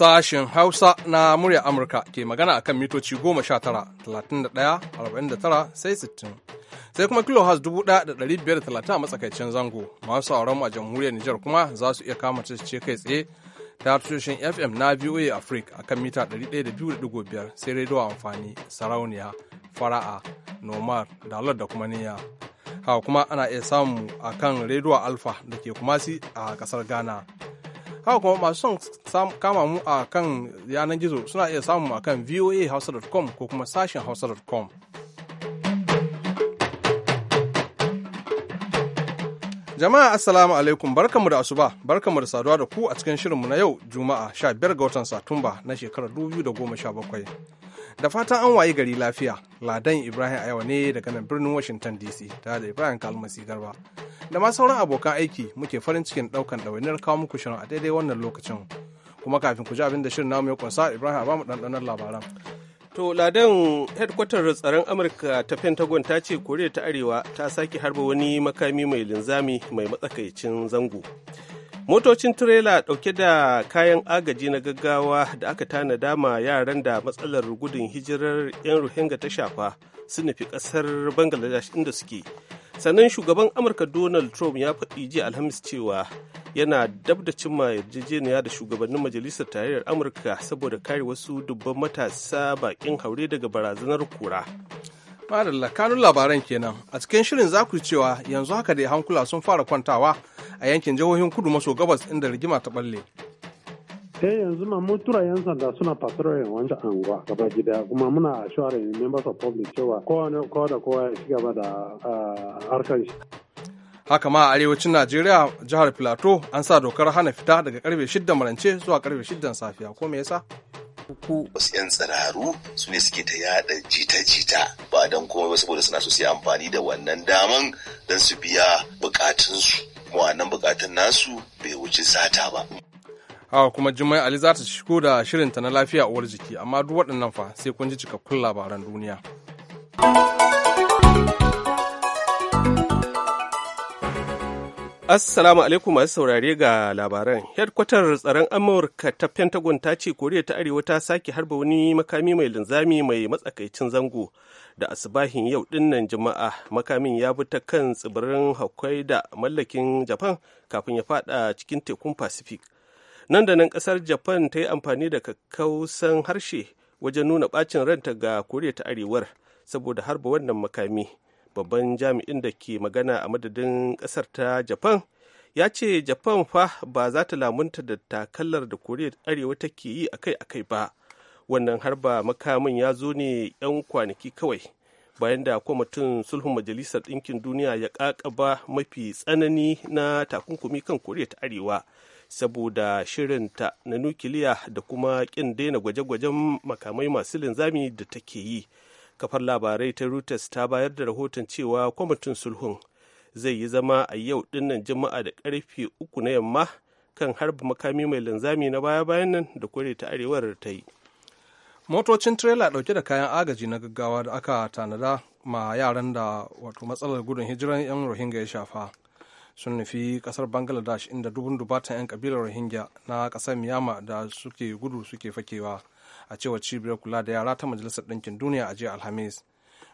sashen Hausa na murya Amurka ke magana akan mitoci 19, sai 60. Sai kuma kilohaz 1,530 a matsakaicin zango. Masu sauran a jamhuriyar Nijar kuma za su iya kama ce kai tsaye ta tushen FM na VOA Africa akan mita 102.5 sai rediyo amfani sarauniya fara'a nomar dalar da kuma niyya. Haka kuma ana iya samu akan rediyo Alfa da ke kumasi a kasar Ghana. haka kuma masu son kama mu a kan yanar gizo suna iya samu a kan voahouse.com ko kuma sashen hausa.com jama'a assalamu alaikum barkanmu da asuba barkanmu da saduwa da ku a cikin shirinmu na yau juma'a 15 ga watan satumba na shekarar 2017 da fatan an waye gari lafiya ladan ibrahim ayawa ne daga nan birnin washington dc tare da ibrahim kalmasi garba da ma sauran abokan aiki muke farin cikin daukan ɗawainiyar kawo muku shirin a daidai wannan lokacin kuma kafin ku ji abin da shirin namu ya kunsa ibrahim abamu ɗanɗanar labaran to ladan hedkwatar tsaron amurka ta pentagon ta ce koriya ta arewa ta sake harba wani makami mai linzami mai matsakaicin zango motocin tirela dauke da kayan agaji na gaggawa da aka tana dama yaran da matsalar gudun hijirar 'yan ruhinga ta shafa sun nufi ƙasar bangladesh inda suke sannan shugaban amurka donald trump ya faɗi jiya alhamis cewa yana dab da cimma yarjejeniya da shugabannin majalisar tarayyar amurka saboda kare wasu dubban matasa bakin haure daga barazanar kura Madalla kanun labaran kenan a cikin shirin za ku cewa yanzu haka da hankula sun fara kwantawa a yankin jihohin kudu maso gabas inda rigima ta balle. sai eh, yanzu ma mun yan sanda suna patrolin wancan anguwa gaba gida kuma muna yin members of public cewa kowane kowa da kowa ya shiga gaba da ah, harkar shi. Haka ma a arewacin Najeriya jihar Filato an sa dokar hana fita daga karfe shidda marance zuwa karfe 6 safiya ko me yasa? uku, wasu 'yan tsiraru su ne suke ta yada jita-jita ba don kuma ba saboda suna so su yi amfani da wannan daman don su biya bukatunsu. Kuma wannan bukatun nasu bai wuce sata ba. Hawa kuma Jummai Ali za ta shigo da shirinta na lafiya uwar jiki amma duk waɗannan fa sai kun ji cikakkun labaran duniya. Assalamu alaikum masu saurare ga labaran. Headkwatar tsaron Amurka ta Pentagon ta ce Koriya ta Arewa ta sake harba wani makami mai linzami mai matsakaicin zango da asibahin yau dinnan Juma'a. Makamin ya bi ta kan tsibirin haukai da mallakin Japan kafin ya fada cikin tekun Pacific. Nan da nan kasar Japan ta yi amfani da kakkausan harshe wajen nuna bacin ranta ga Koriya ta Arewar saboda harba wannan makami. babban jami'in da ke magana a madadin kasar ta japan ya ce japan fa ba za ta lamunta da takallar da koriya arewa take yi akai-akai ba wannan har ba makamin ya zo ne 'yan kwanaki kawai bayan da kwamitin sulhun majalisar ɗinkin duniya ya ƙaƙaba mafi tsanani na takunkumi kan koriya ta arewa saboda shirinta na nukiliya da kuma ƙin daina gwaje-gwajen makamai masu linzami da take yi kafar labarai ta reuters ta bayar da rahoton cewa kwamitin sulhun zai yi zama a yau dinnan juma'a da karfe uku na yamma kan harba makami mai linzami na baya-bayan nan da kore ta arewar ta yi motocin trela dauke da kayan agaji na gaggawa da aka tanada ma yaran da wato matsalar gudun hijiran 'yan rohingya ya shafa sun nufi kasar bangladesh inda dubun dubatan 'yan kabilar rohingya na kasar miyama da suke gudu suke fakewa a cewar cibiyar kula da yara ta majalisar ɗinkin duniya a jiya alhamis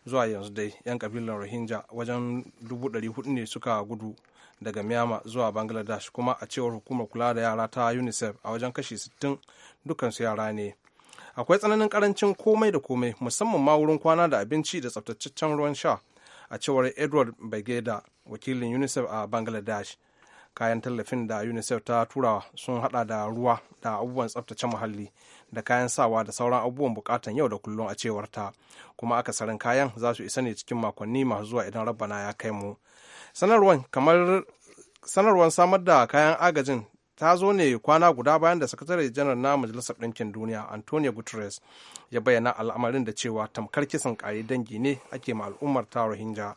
zuwa yanzu dai 'yan kabilar rohingya wajen dubu ɗari hudu ne suka gudu daga myanmar zuwa bangladesh kuma a cewar hukumar kula da yara ta unicef a wajen kashi sittin dukansu yara ne akwai tsananin karancin komai da komai musamman ma wurin kwana da abinci da tsaftataccen ruwan sha a cewar edward bageda wakilin unicef a bangladesh kayan tallafin da unicef ta turawa sun hada da ruwa da abubuwan tsaftace muhalli da kayan sawa da sauran abubuwan bukatan yau da kullum a cewar ta kuma akasarin kayan za su isa ne cikin makonni masu zuwa idan rabbana ya kai mu sanarwar samar da kayan agajin ta zo ne kwana guda bayan da sakatare janar na majalisar ɗinkin duniya antonio guterres ya bayyana al'amarin da cewa tamkar kisan ƙari dangi ne ake ma al'ummar ta rohingya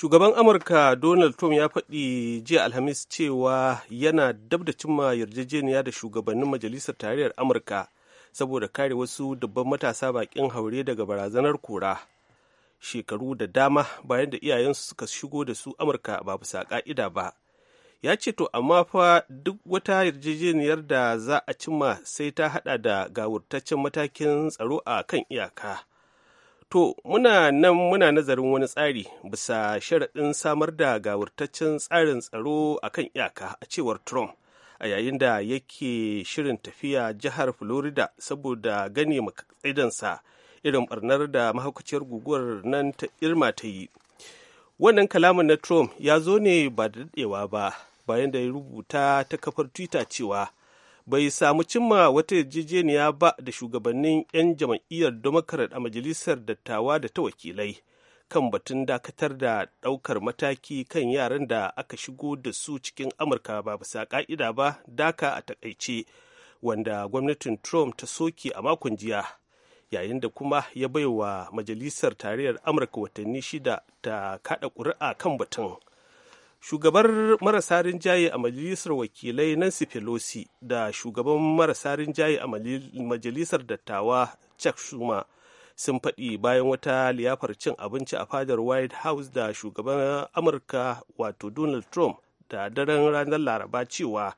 shugaban amurka donald trump ya faɗi jiya alhamis cewa yana dab da cimma yarjejeniya da shugabannin majalisar tarayyar amurka saboda kare wasu dabban matasa bakin haure daga barazanar kura shekaru da dama bayan da iyayensu suka shigo da su amurka ba bisa ka'ida ba ya ce to amma fa duk wata yarjejeniyar da za a cimma sai ta hada da gawurtaccen matakin tsaro a kan iyaka To, muna nan muna nazarin wani tsari bisa sharaɗin samar da gawurtaccen tsarin tsaro a kan iyaka a cewar Trump a yayin da yake shirin tafiya jihar Florida saboda gane makaidansa irin barnar da mahaukaciyar guguwar nan ta Irma ta yi. Wannan kalamin na Trump ya zo ne ba da daɗewa ba bayan da ya rubuta ta kafar Twitter cewa bai samu cimma wata yarjejeniya ba da shugabannin 'yan jam'iyyar democrat a majalisar dattawa da ta wakilai kan batun dakatar da ɗaukar mataki kan yaran da aka shigo da su cikin amurka ba bisa ƙa'ida ba daka a takaice wanda gwamnatin trump ta soke a makon jiya yayin da kuma ya baiwa majalisar tarayyar amurka watanni shida ta kaɗa ƙuri'a kan batun. shugabar marasa rinjaye a majalisar wakilai nancy pelosi da shugaban marasa rinjaye a majalisar dattawa chuck schumer sun faɗi bayan wata liyafar cin abinci a fadar white house da shugaban amurka wato donald trump da daren ranar laraba cewa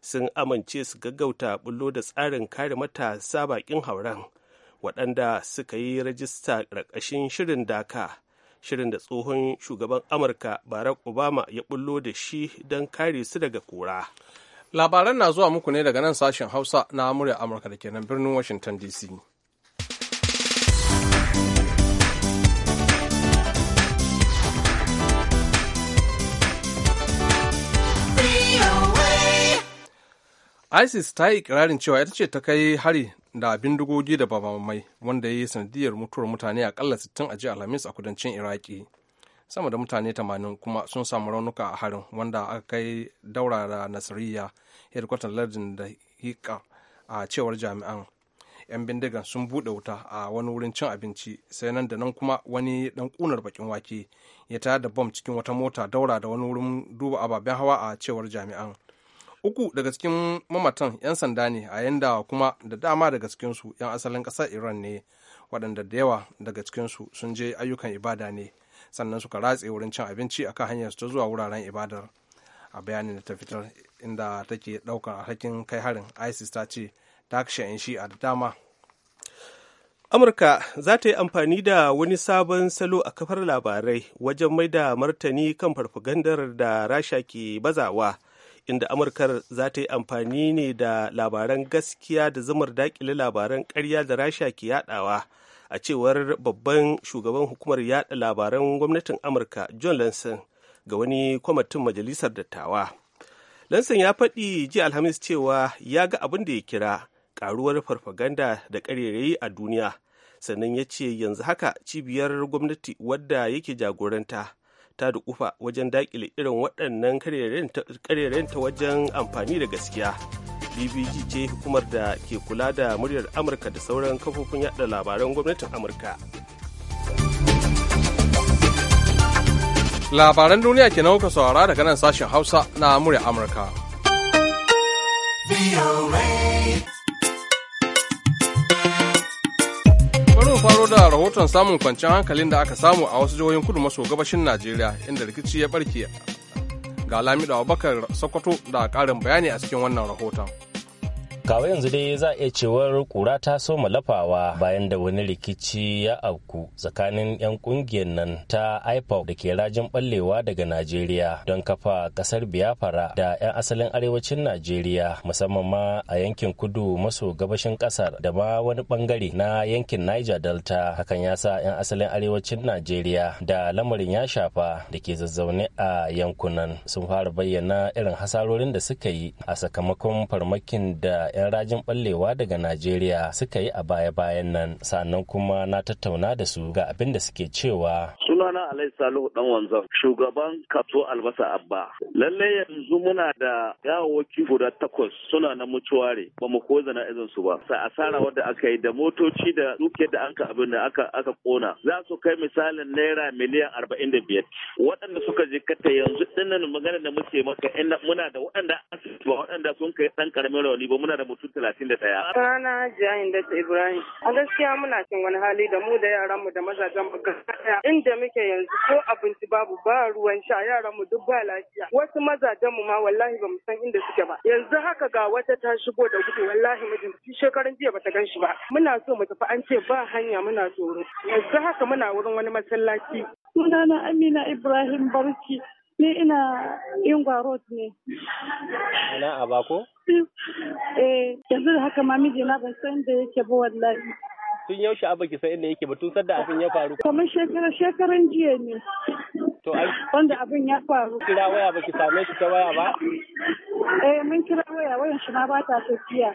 sun amince su gaggauta bullo da tsarin kare matasa bakin hauren waɗanda suka yi rajista ƙarƙashin shirin daka shirin da tsohon shugaban amurka barack obama ya bullo da shi don kare su daga kura labaran na zuwa muku ne daga nan sashen hausa na murya amurka da kenan birnin washington dc isis ta yi ikirarin cewa ita ce ta kai hari da abin dugogi da bamamai wanda ya yi sanadiyar mutuwar mutane akalla 60 a jiya alhamis a kudancin iraki sama da mutane 80 kuma sun samu raunuka a harin wanda aka kai daura da nasiriya headquarter lardin da hika a cewar jami'an yan bindigan sun buɗe wuta a wani wurin cin abinci sai nan da nan kuma wani ɗan kunar bakin wake ya tayar da bom cikin wata mota daura da wani wurin duba ababen hawa a cewar jami'an uku daga cikin mamatan 'yan sanda ne a yanda kuma da dama daga cikinsu 'yan asalin ƙasar iran ne waɗanda da yawa daga cikinsu sun je ayyukan ibada ne sannan suka ratse wurin cin abinci akan hanyar ta zuwa wuraren ibadar a bayanin da ta fitar inda take ɗaukar alhakin kai harin isis ta ce ta kashe shi a da dama amurka za ta yi amfani da wani sabon salo a kafar labarai wajen mai da martani kan farfagandar da rasha ke bazawa inda amurkar za ta yi amfani ne da labaran gaskiya da zamar dakile labaran karya da rasha ke yadawa a cewar babban shugaban hukumar yada labaran gwamnatin amurka john lanson ga wani kwamitin majalisar dattawa lanson ya faɗi ji alhamis cewa ya ga abin da ya kira karuwar farfaganda da ƙarerayi a duniya sannan ya ce yanzu haka cibiyar gwamnati wadda yake jagoranta ta kufa wajen dakile irin waɗannan karerayen ta wajen amfani da gaskiya bbg ce hukumar da ke kula da muryar amurka da sauran kafofin yaɗa labaran gwamnatin amurka labaran duniya ke nauka saurara daga nan sashen hausa na muryar amurka rahoton samun kwanciyar hankalin da aka samu a wasu jihohin kudu maso gabashin Najeriya inda rikici ya barke ga Lamido Abubakar Sokoto da karin bayani a cikin wannan rahoton. kawo yanzu dai za a iya cewar kura ta soma lafawa bayan da wani rikici ya auku tsakanin 'yan kungiyar nan ta ipop da ke rajin ballewa daga najeriya don kafa kasar biafra da 'yan asalin arewacin najeriya musamman ma a yankin kudu maso gabashin kasar da ma wani bangare na yankin niger delta hakan ya sa 'yan asalin arewacin najeriya da lamarin ya shafa da ke zazzaune a yankunan sun fara bayyana irin hasarorin da suka yi a sakamakon farmakin da 'yan rajin ɓallewa daga najeriya suka yi a baya-bayan nan sannan kuma na tattauna da su ga abin da suke cewa sunana alai salihu dan wanzan shugaban kaso albasa abba lalle yanzu muna da gawawaki guda takwas suna na mutuware ba mu ko zana izin su ba sa asara wadda aka yi da motoci da duke da anka abin da aka aka kona za su kai misalin naira miliyan arba'in da biyar waɗanda suka je kata yanzu dinnan magana da muke maka muna da waɗanda asibiti waɗanda sun kai ɗan ƙaramin rauni ba muna da mutum talatin da ɗaya. Rana Jiyayin da Ibrahim. A gaskiya muna cin wani hali da mu da yaranmu da mazajen mu Inda muke yanzu ko abinci babu ba ruwan sha yaranmu duk ba lafiya. Wasu mazajen mu ma wallahi bamu san inda suke ba. Yanzu haka ga wata ta shigo da gudu wallahi mijin shekaran jiya bata gan shi ba. Muna so mu tafi an ce ba hanya muna tsoro. Yanzu haka muna wurin wani masallaci. Sunana Amina Ibrahim Barci. Ni ina Ingwa Road ne. Ina a bako? Eh, yanzu da haka ma na ban san da yake ba wallahi. Tun yaushe abin ki san inda yake ba tun sadda abin ya faru. Kamar shekarar shekaran jiya ne. To ai. Wanda abin ya faru. Kira waya ba ki same shi ta waya ba? Eh mun kira waya wayan shi ma ba ta tafiya.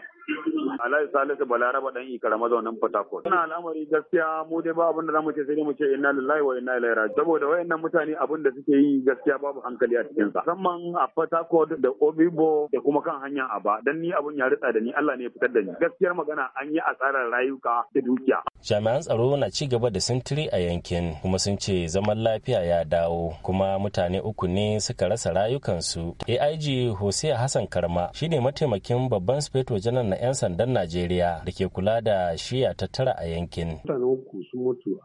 Alhaji Salisu Balaraba dan Ikara mazaunin Port Harcourt. Ina al'amari gaskiya mu dai ba abin da zamu ce sai mu ce inna lillahi wa inna ilaihi raji. Saboda wayannan mutane abin da suke yi gaskiya babu hankali a cikin sa. Musamman a Port Harcourt da Obibo da kuma kan hanyar Aba dan ni abin ya ritsa da ni Allah ne ya fitar da ni. Gaskiyar magana an yi asarar rayuka da dukiya. Jami'an tsaro na ci gaba da sintiri a yankin kuma sun ce zaman lafiya ya dawo kuma mutane uku ne suka rasa rayukansu. AIG Hosea Hassan Karma shine mataimakin babban sufeto janar na 'yan sandan Najeriya da ke kula da shiya ta tara a yankin. Mutane uku sun mutu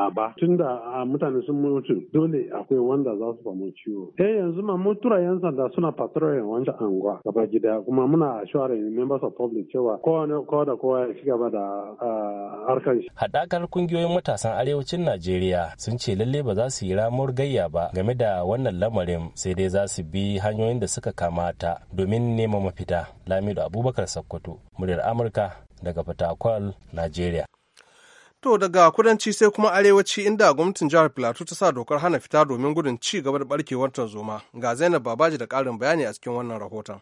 a ba tun da mutane sun mutu dole akwai wanda za su famu ciwo. Eh yanzu ma mun tura 'yan sanda suna patrolin wancan anguwa gaba gida kuma muna assuring members of public cewa kowa da kowa ya ci da harkar shi. Haɗakar kungiyoyin matasan arewacin Najeriya sun ce lalle ba za su yi ramuwar gayya ba game da wannan lamarin sai dai za su bi hanyoyin da suka kamata. ita domin nema mafita lamido abubakar sakkwato muryar amurka daga fatakwal nigeria to daga kudanci sai kuma arewaci inda gwamnatin jihar plateau ta sa dokar hana fita domin gudun ci gaba da barkewar tarzoma ga zainab babaji da karin bayani a cikin wannan rahoton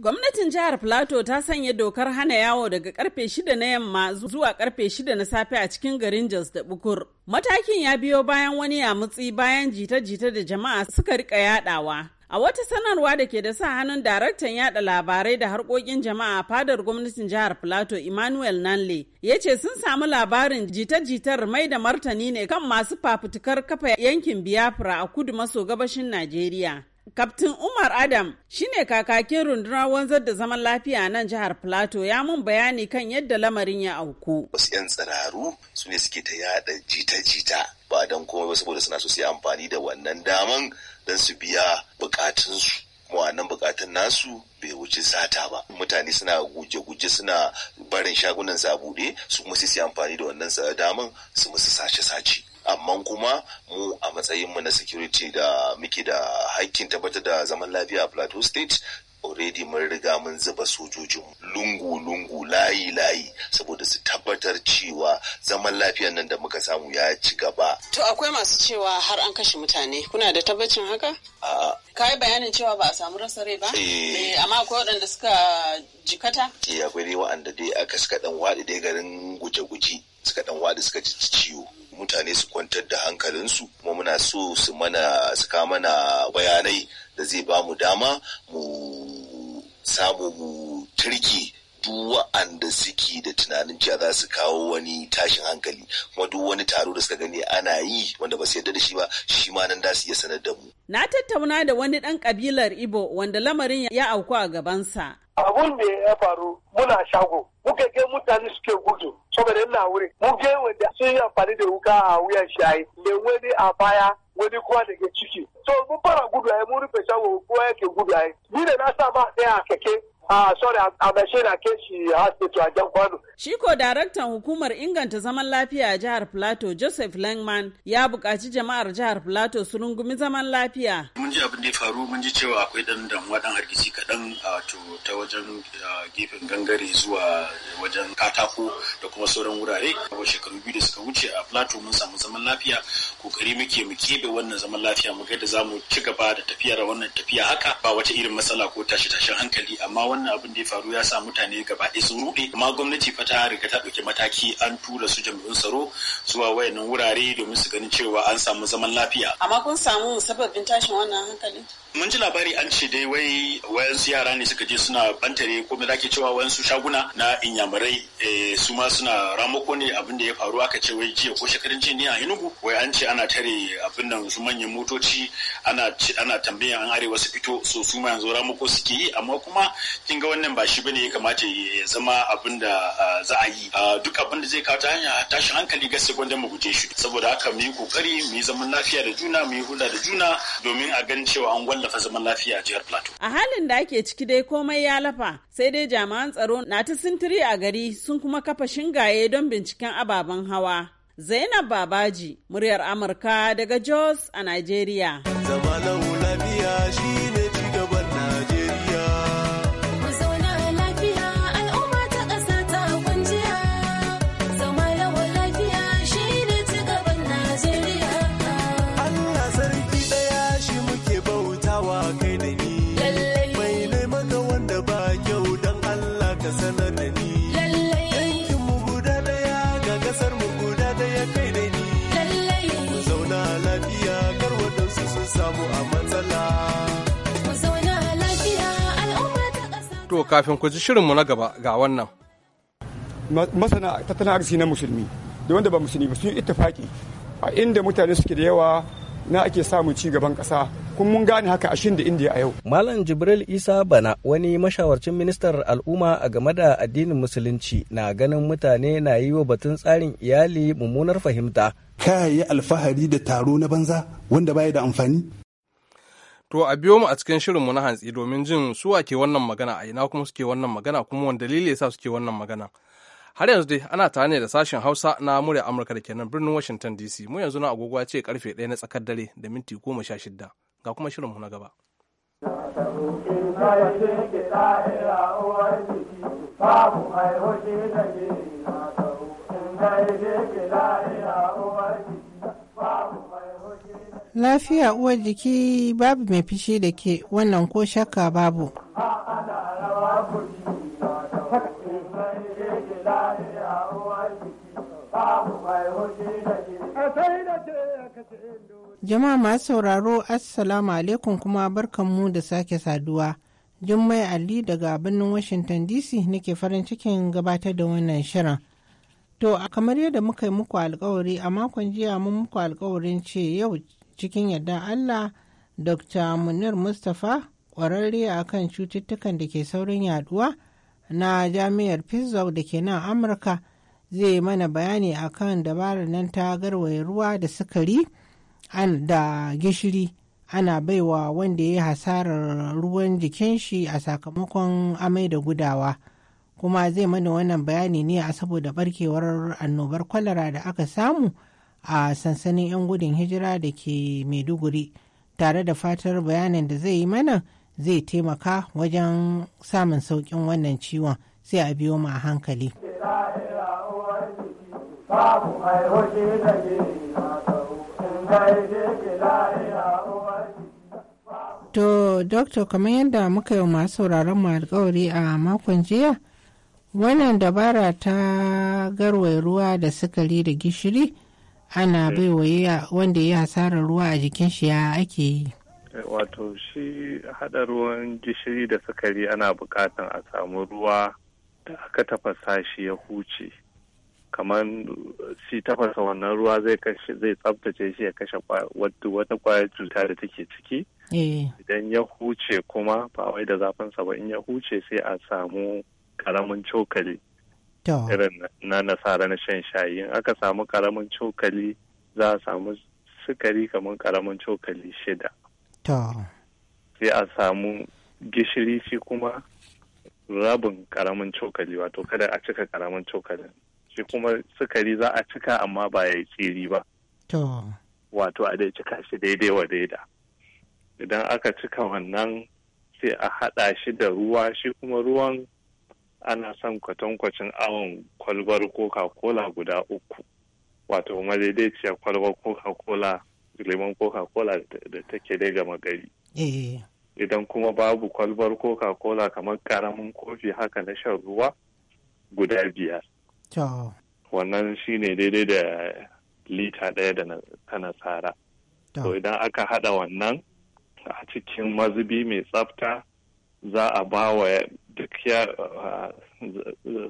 Gwamnatin jihar Plateau ta sanya dokar hana yawo daga karfe shida na yamma zuwa karfe shida na safe a cikin garin Jos da Bukur. Matakin ya biyo bayan wani yamutsi bayan jita-jita da jama'a suka rika yadawa A wata sanarwa da ke da sa hannun daraktan yada labarai da harkokin jama'a a fadar gwamnatin jihar Plateau Emmanuel Nanle ya ce sun samu labarin jita-jitar mai da martani ne kan masu fafutukar kafa yankin Biafra a kudu maso gabashin Najeriya. Kaftin Umar Adam shine kakakin rundunar wanzar da zaman lafiya nan jihar Plateau ya mun bayani kan yadda lamarin ya auku. Wasu 'yan tsiraru su ne suke ta yada jita-jita ba don komai ba saboda suna so su yi amfani da wannan daman don su biya bukatunsu wannan bukatun nasu bai wuce sata ba mutane suna guje-guje suna barin shagunan zabuɗe su kuma sai amfani da wannan daman su musu sace-sace amma kuma mu a matsayin mu na security da muke da hakkin tabbatar da zaman lafiya a plateau state already mun riga mun zuba sojojin lungu-lungu layi-layi saboda su tabbatar cewa zaman lafiyar nan da muka samu ya ci gaba. To akwai masu cewa har an kashe mutane kuna da tabbacin haka? Ka yi bayanin cewa ba a samu rasa rai ba? Eh. Eh, amma akwai waɗanda suka jikata? Eh akwai dai waɗanda dai aka suka ɗan waɗi dai garin guje-guje suka ɗan waɗi suka ji ciwo. mutane su kwantar da hankalinsu kuma muna so su mana su mana bayanai da zai ba mu dama mu samu mu duk wa'anda suke da tunanin cewa za su kawo wani tashin hankali kuma duk wani taro da suka gani ana yi wanda ba su yarda da shi ba shi ma nan da su iya sanar da mu. Na tattauna da wani ɗan ƙabilar Ibo wanda lamarin ya auku a gabansa. Abun da ya faru muna shago muka ga mutane suke gudu saboda yana wuri mu ga wanda sun yi amfani da wuka a wuyan shayi da wani a baya wani kuma ke ciki so mun fara gudu ayi, mun rufe shago kowa yake gudu ayi. ni da na sa ma ɗaya a keke a sorry a mashin a ke shi hospital a jan kwano. Shi ko daraktan hukumar inganta zaman lafiya a jihar Plateau Joseph Langman ya buƙaci jama'ar jihar Plateau su rungumi zaman lafiya. Mun ji abin da ya faru mun ji cewa akwai ɗan damuwa ɗan hargitsi to ta wajen gefen gangare zuwa wajen katako da kuma sauran wurare a shekaru biyu da suka wuce a plateau mun samu zaman lafiya kokari muke mu keɓe wannan zaman lafiya mu da za mu ci gaba da tafiya tafiyar wannan tafiya haka ba wata irin matsala ko tashi tashin hankali amma wannan abin da ya faru ya sa mutane gaba ɗaya sun ruɗe amma gwamnati fa ta riga ta ɗauki mataki an tura su jami'un tsaro zuwa wayannan wurare domin su ganin cewa an samu zaman lafiya amma kun samu sababbin tashin wannan hankali mun ji labari an ce dai wai wayansu yara yara ne suka je suna bantare ko me zake cewa wasu shaguna na inyamurai eh, su ma suna ramako ne abin da ya faru aka ce wai jiya ko shekarun jiya ne a Enugu wai an ce ana tare abin nan su manyan motoci ana ana an arewa su fito so su ma yanzu ramako suke yi amma kuma kin ga wannan ba shi bane ya kamata ya zama abin da za a yi duk abin da zai kawo ta hanya tashin hankali gaske gwanda mu guje shi saboda haka mu yi kokari mu yi zaman lafiya da juna mu yi hulɗa da juna domin a ganin cewa an wallafa zaman lafiya a jihar Plateau a halin da ake ciki ciki dai komai ya lafa sai dai jami'an tsaro na ta sintiri a gari sun kuma kafa shingaye don binciken ababen hawa. Zainab Babaji, muryar Amurka daga Jos a nigeria. Zama lafiya shi kafin ku ji shirinmu na gaba ga wannan. Masana tattalin arziki na musulmi da wanda ba musulmi ba sun ittifaki a inda mutane suke da yawa na ake samun ci gaban ƙasa kun mun gane haka ashin da indiya a yau. malam jibril isa bana wani mashawarcin ministar al'umma a game da addinin musulunci na ganin mutane na yi wa batun tsarin iyali mummunar fahimta ka yi alfahari da taro na banza wanda baya da amfani To a biyo mu a cikin mu na hantsi domin jin su ke wannan magana a ina kuma suke wannan magana kuma wani dalili yasa suke wannan magana. Har yanzu dai ana tare ne da sashen Hausa na murya Amurka da kenan birnin Washington DC. Mu yanzu na agogo ce karfe ɗaya na tsakar dare da minti goma sha shida. Ga kuma shirin mu na gaba. Babu Lafiya uwar jiki babu mai fishi da ke wannan ko shakka babu. Jama'a masu sauraro Assalamu alaikum kuma barkanmu da sake saduwa. Jummai Ali daga birnin Washington DC nake farin cikin gabatar da wannan shirin. To, a kamar yadda muka yi muku alkawari a makon jiya mun muku alkawarin ce yau cikin yadda Allah Dr. Munir Mustapha ƙwararre a kan cututtukan da ke saurin yaduwa na jami'ar Pittsburgh da ke nan Amurka zai mana bayani a kan dabarar nan ta garwaye ruwa da sukari da gishiri ana baiwa wanda ya yi hasarar ruwan jikin shi a sakamakon amai da gudawa. kuma zai mana wannan bayani ne a saboda barkewar annobar kwalara da aka samu a sansanin 'yan gudun hijira da ke maiduguri tare da fatar bayanin da zai yi mana zai taimaka wajen samun sauƙin wannan ciwon sai a biyo mu a hankali. To, Dokta, kamar yadda muka yi masu sauraron mu alkawari a makon jiya, wannan dabara ta garwai ruwa da sukari da gishiri ana eh. baiwa wanda ya hasarar ruwa a jikin shi ya ake yi eh, wato shi haɗa ruwan gishiri da sukari ana bukatan a samu ruwa da aka tafasa shi ya huce kamar shi tafasa wannan ruwa zai kashe zai tsabtace shi ya kashe wata kwayar cuta da take ciki eh. idan ya huce kuma ba wai da zafinsa ba in ya huce sai a samu karamin cokali irin na nasara na shan shayi in aka samu karamin cokali za a samu sukari kamar karamin cokali shida sai a samu gishiri shi kuma rabin karamin cokali wato kada a cika karamin cokalin shi kuma sukari za a cika amma ba ya yi tsiri ba wato a dai cika shi daidai wa daida idan aka cika wannan sai a haɗa shi da ruwa shi kuma ruwan ana son kwatankwacin awon kwalbar coca-cola guda uku wato madaidaiciyar kwalbar coca-cola lemon coca-cola da take dai gama gari eh. idan kuma babu kwalbar coca-cola kamar karamin kofi haka na shan ruwa guda biyar wannan shine daidai da lita ɗaya da ta nasara to idan aka haɗa wannan a cikin mazubi mai tsafta za a ba wa duk eh,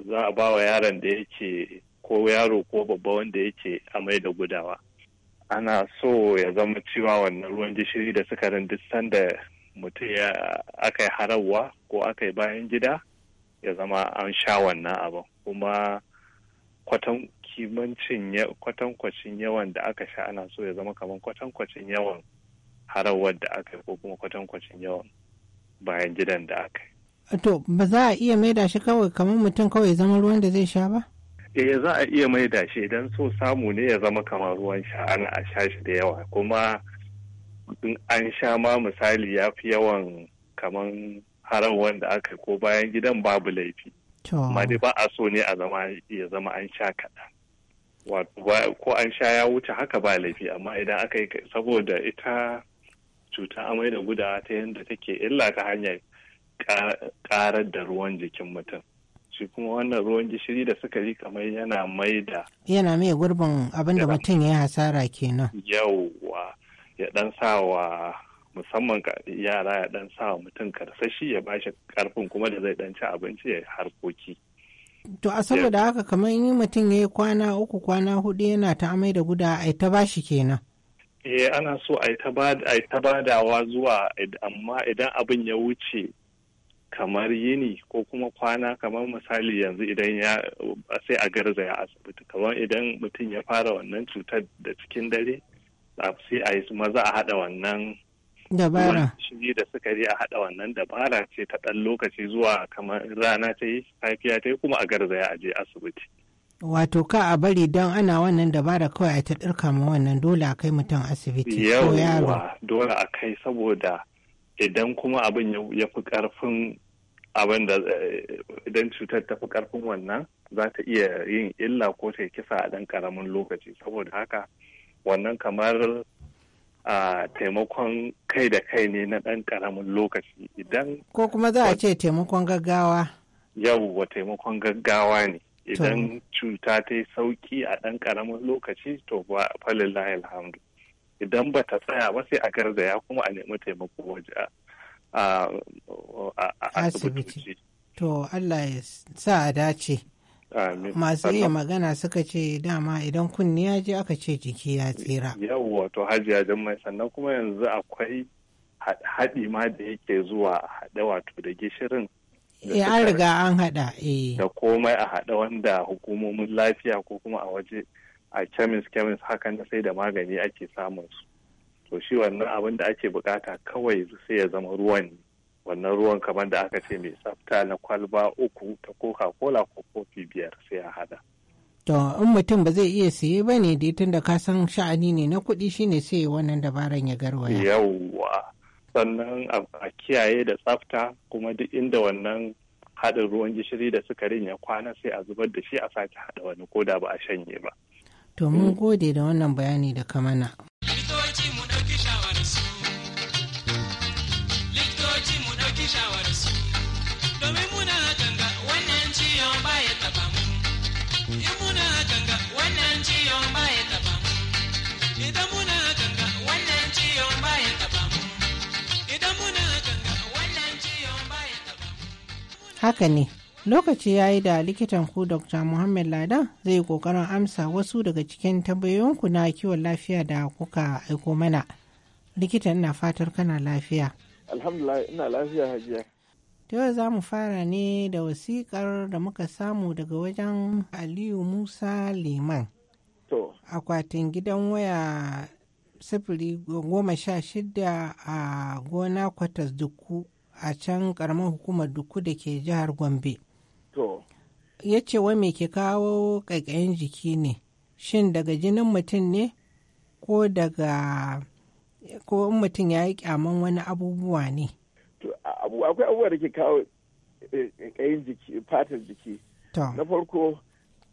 za a ba wa yaron da yake ko yaro ko babba wanda yake amai da gudawa ana so ya zama cewa wannan ruwan gishiri da sukarin duk sanda mutum ya aka yi harawa ko aka yi bayan gida ya zama an sha wannan abin kuma kwatan kwatankwacin yawan da aka sha ana so ya zama kamar kwatankwacin yawan harawar da aka yi ko kuma kwatankwacin yawan bayan gidan da aka yi to ba za a iya maida shi kawai kamar mutum kawai zama ruwan da zai sha ba eh za a iya maida shi idan so samu ne ya zama kamar ruwan sha ana a sha shi da yawa kuma in an sha ma misali ya fi yawan kamar haran wanda aka ko bayan gidan babu laifi amma dai ba a so ne a zama ya zama an sha kaɗan ko an sha ya wuce haka ba laifi amma idan aka yi saboda ita cuta amai da gudawa ta yadda take illa ta hanya karar da ruwan jikin mutum shi kuma wannan ruwan gishiri da suka yi kamar yana mai da yana mai gurbin abin da mutum ya hasara kenan yawwa ya dan sawa musamman yara ya dan sawa mutum karsashi ya bashi karfin kuma da zai dan ci abinci ya harkoki to a saboda haka kamar yi mutum ya yi kwana uku kwana hudu yana ta amai da guda ai ta bashi kenan eh ana so a ta badawa zuwa amma idan abin ya wuce kamar yini ko kuma kwana kamar misali yanzu idan ya sai a garzaya asibiti kamar idan mutum ya fara wannan cutar da cikin dare sai a yi maza a haɗa wannan dabara shiri da sukari a haɗa wannan dabara ce ta ɗan lokaci zuwa kamar rana ta yi safiya ta yi kuma a garzaya a je asibiti wato ka a bari don ana wannan dabara kawai a ta dirka ma wannan dole a kai mutum asibiti ko dole a kai saboda idan kuma abin ya fi karfin abin da eh, idan cutar ta fi karfin wannan za ta iya yin illa ko ta kisa a ɗan ƙaramin lokaci saboda haka wannan kamar a taimakon kai da kai ne na ɗan ƙaramin lokaci idan ko kuma za a ce taimakon gaggawa wa taimakon gaggawa ne idan cuta ta yi sauki a ɗan ƙaramin lokaci to ba falin alhamdu idan ba ta tsaya ba sai a garzaya kuma a nemi taimako waje a asibiti. To Allah ya sa a dace. Masu iya magana suka ce dama idan kunni ya je aka ce jiki ya tsira. Yawwa to hajiya jammai sannan kuma yanzu akwai haɗi ma da yake zuwa a haɗe wato da gishirin. E an riga an haɗa. Eh. Da komai a haɗa wanda hukumomin lafiya ko kuma a waje a chemist chemist hakan da sai da magani ake samun su to shi wannan abin da ake bukata kawai sai ya zama ruwan wannan ruwan kamar da aka ce mai tsafta na kwalba uku ta coca cola ko kofi biyar sai a hada to in mutum ba zai iya siye ba ne dai tunda ka san sha'ani ne na kuɗi shine sai wannan dabaran ya garwa yawwa sannan a kiyaye da tsafta kuma duk inda wannan haɗin ruwan gishiri da sukarin ya kwana sai a zubar da shi a sake haɗa wani ko da ba a shanye ba To mun mm. gode da wannan bayani da kamana. haka ne lokaci ya yi da likitan ku dr muhammad ladan zai yi kokarin amsa wasu daga cikin tambayoyinku na kiwon lafiya da kuka aiko mana likitan ina fatar kana lafiya alhamdulillah ina lafiya hajiya yau za mu fara ne da wasikar da muka samu daga wajen aliyu musa liman akwatin gidan waya sifiri goma sha shida a gona kwatas duku a can karamar hukumar duku da ke jihar gombe to ya ce wai me ke kawo ƙaiƙayin jiki ne shin daga jinin mutum ne ko daga ko mutum ya yi kyaman wani abubuwa ne to akwai abubuwa da ke kawo eh, ƙaiƙayin jiki fatar jiki na farko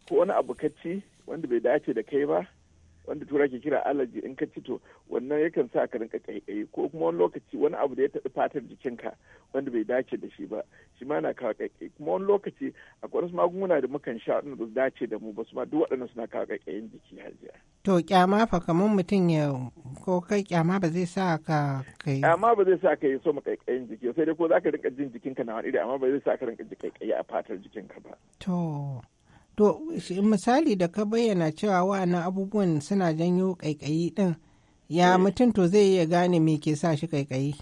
ko wani abu kacci wanda bai dace da kai ba wanda tura ke kira allergy in ka ci to wannan yakan sa ka rinka kai ko kuma wani lokaci wani abu da ya taɓi fatar jikinka wanda bai dace da shi ba shi ma na kawo kai kuma wani lokaci akwai wasu magunguna da muka sha waɗanda ba su dace da mu ba su ma duk waɗannan suna kawo kai jiki hajiya. to kyama fa kamar mutum ya ko kai kyama ba zai sa ka kai. kyama ba zai sa ka yi so kai jiki sai dai ko za ka rinka jin jikinka na wani iri amma ba zai sa ka rinka jin kai a fatar jikinka ba. to. To, misali da ka bayyana cewa wa'annan abubuwan suna janyo ƙaiƙayi ɗin, ya eh. mutum to zai iya gane me ke sa shi ƙaiƙayi?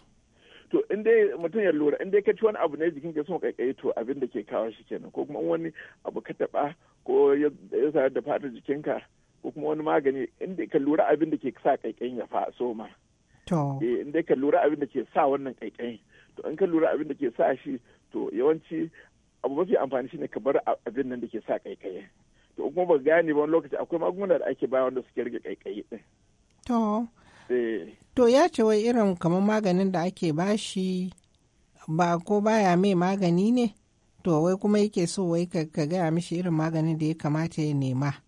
to in dai mutum ya lura in dai ka ci wani abu ne jikin ke son kaikayi to abin da ke kawo shi kenan ko kuma wani abu ka taba ko ya sa da fatar jikinka ko kuma wani magani in dai ka lura abin da ke sa kaikayi ya fa ma. to eh, in dai ka lura abin da ke sa wannan kaikayin to in ka lura abin da ke sa shi to yawanci abu mafi amfani shine ka bar abin nan da ke sa kaikayi to kuma ba gane ba wani lokaci akwai magunguna da ake bayar wanda suke rage kaikayi din to eh. to ya ce wai irin kamar maganin da ake bashi ba ko baya mai magani ne to wai kuma yake so wai ka gaya mishi irin maganin da ya kamata ya nema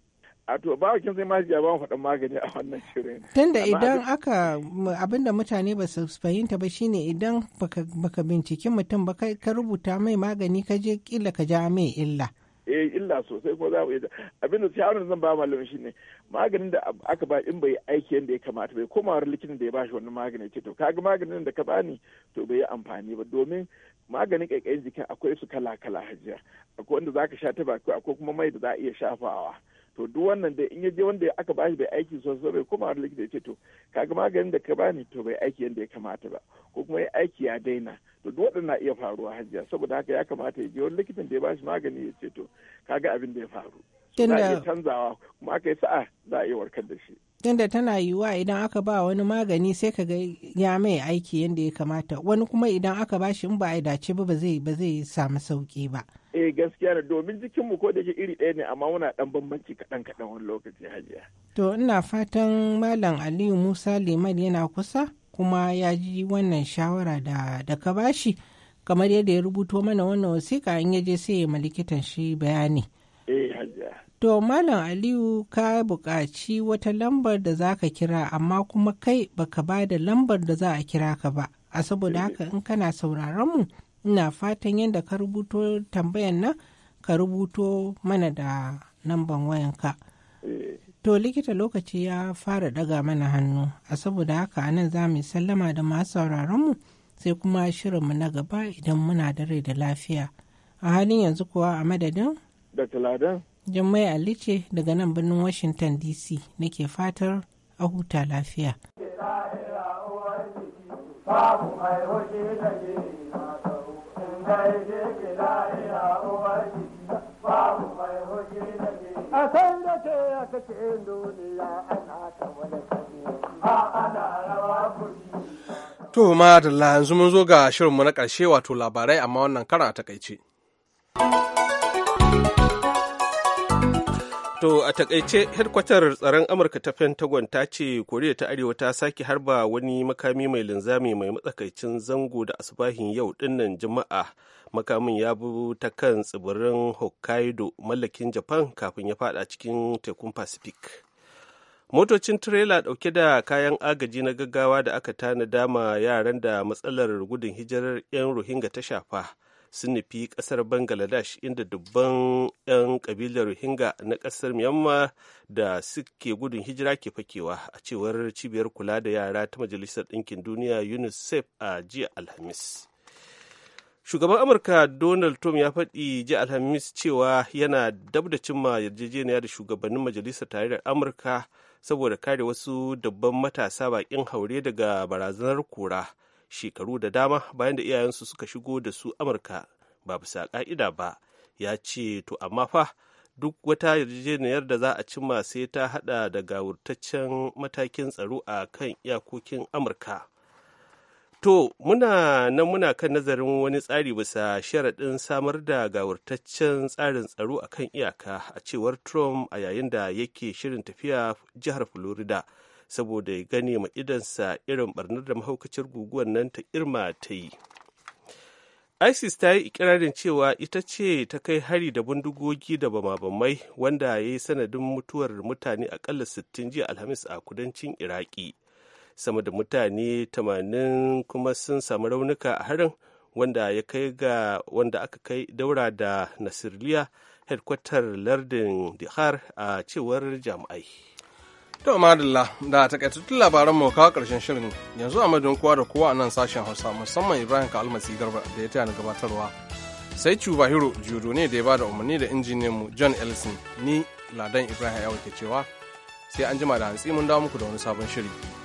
a to ba kin sai ma ba mu faɗin magani a wannan shirin tunda idan aka abinda mutane ba su fahimta ba shine idan baka binciki mutum ba kai ka rubuta mai magani ka je kila ka ja mai illa eh illa sosai ko za mu iya abin da shawarar zan ba malamin shine maganin da aka ba in bai aiki yadda ya kamata bai komawar likitan da ya bashi wannan magani ce to kaga maganin da ka bani to bai yi amfani ba domin maganin kaikayin jikin akwai su kala kala hajiya akwai wanda zaka sha ta baki akwai kuma mai da za a iya shafawa to duk wannan da in ya je wanda aka ba shi bai aiki sosai bai kuma da likita ya ce to kaga maganin da ka bani to bai aiki yadda ya kamata ba ko kuma ya aiki ya daina to duk wannan na iya faruwa hajiya saboda haka ya kamata ya je wani likitan da ya bashi magani ya ce to kaga abin da ya faru tunda ya canzawa kuma aka yi sa'a za a iya warkar da shi tunda tana yiwuwa idan aka ba wani magani sai ka ga ya mai aiki yadda ya kamata wani kuma idan aka bashi in ba a dace ba ba zai ba zai samu sauki ba eh gaskiya ne domin jikinmu ko da ke iri ɗaya ne amma muna ɗan bambanci kaɗan kaɗan wani lokaci hajiya. To ina fatan Malam Aliyu Musa Liman yana kusa kuma ya ji wannan shawara da da ka bashi kamar yadda ya rubuto mana wannan wasiƙa in ya je sai ya likitan shi bayani. Eh hajiya. To Malam Aliyu ka buƙaci wata lambar da za ka kira amma kuma kai baka ba da lambar da za a kira ka ba. A saboda eh. haka in kana sauraron mu. ina fatan yadda ka rubuto tambayan nan ka rubuto mana da namban wayanka to likita lokaci ya fara daga mana hannu a saboda haka anan za mu sallama da masu mu sai kuma shirinmu na gaba idan muna da rai da lafiya a halin yanzu kuwa a madadin da Ladan. Jummai Ali ce daga nan birnin Washington DC nake fatar a huta lafiya. ke a san da ke ya kace duniya ana ta wani a ana rawa kuri to da yanzu mun zo ga shirinmu na ƙarshe wato labarai amma wannan karin a takaice. To a takaice hedkwatar tsaron Amurka ta Pentagon ta ce Koriya ta Arewa ta sake harba wani makami mai linzami mai matsakaicin zango da asubahin yau dinnan Juma'a. Makamin ya bi ta kan tsibirin Hokkaido mallakin Japan kafin ya fada cikin tekun Pacific. Motocin tirela dauke da kayan agaji na gaggawa da aka tana ma yaran da matsalar gudun hijirar 'yan Rohingya ta shafa. sun nufi kasar bangladesh inda dubban 'yan kabilar rohingya na kasar myanmar da suke gudun hijira ke fakewa a cewar cibiyar kula da yara ta majalisar ɗinkin duniya unicef a jiya alhamis shugaban amurka donald trump ya faɗi ji alhamis cewa yana dab da cimma yarjejeniya da shugabannin majalisar tarayyar amurka saboda kare wasu dabban matasa baƙin haure daga barazanar kura shekaru da dama bayan da iyayensu suka shigo da su amurka ba bisa ka'ida ba ya ce to amma fa duk wata yarjejeniyar da za a cimma sai ta hada da gawurtaccen matakin tsaro a kan iyakokin amurka to muna nan muna kan nazarin wani tsari bisa sharaɗin samar da gawurtaccen tsarin tsaro a kan iyaka a cewar trump a yayin da yake shirin tafiya jihar florida saboda ya gane ma idansa irin barnar da mahaukacin guguwar nan ta irma ta yi isis ta yi ikirarin cewa ita ce ta kai hari da bindigogi da bama-bamai wanda ya yi sanadin mutuwar mutane akalla 60 jiya alhamis a kudancin iraki sama da mutane 80 kuma sun samu raunuka a harin wanda ya kai ga wanda aka kai daura da nasirliya headquarter lardin dihar a cewar jami'ai To madalla da takaitattun labaran mu kawo karshen shirin yanzu a madon kowa da kowa a nan sashen Hausa musamman Ibrahim Kalmasi Garba da ya taya gabatarwa. Sai Hiro Judo ne da ya bada umarni da injiniyan mu John Ellison ni Ladan Ibrahim ya wuce cewa sai an jima da hantsi mun dawo muku da wani sabon shiri.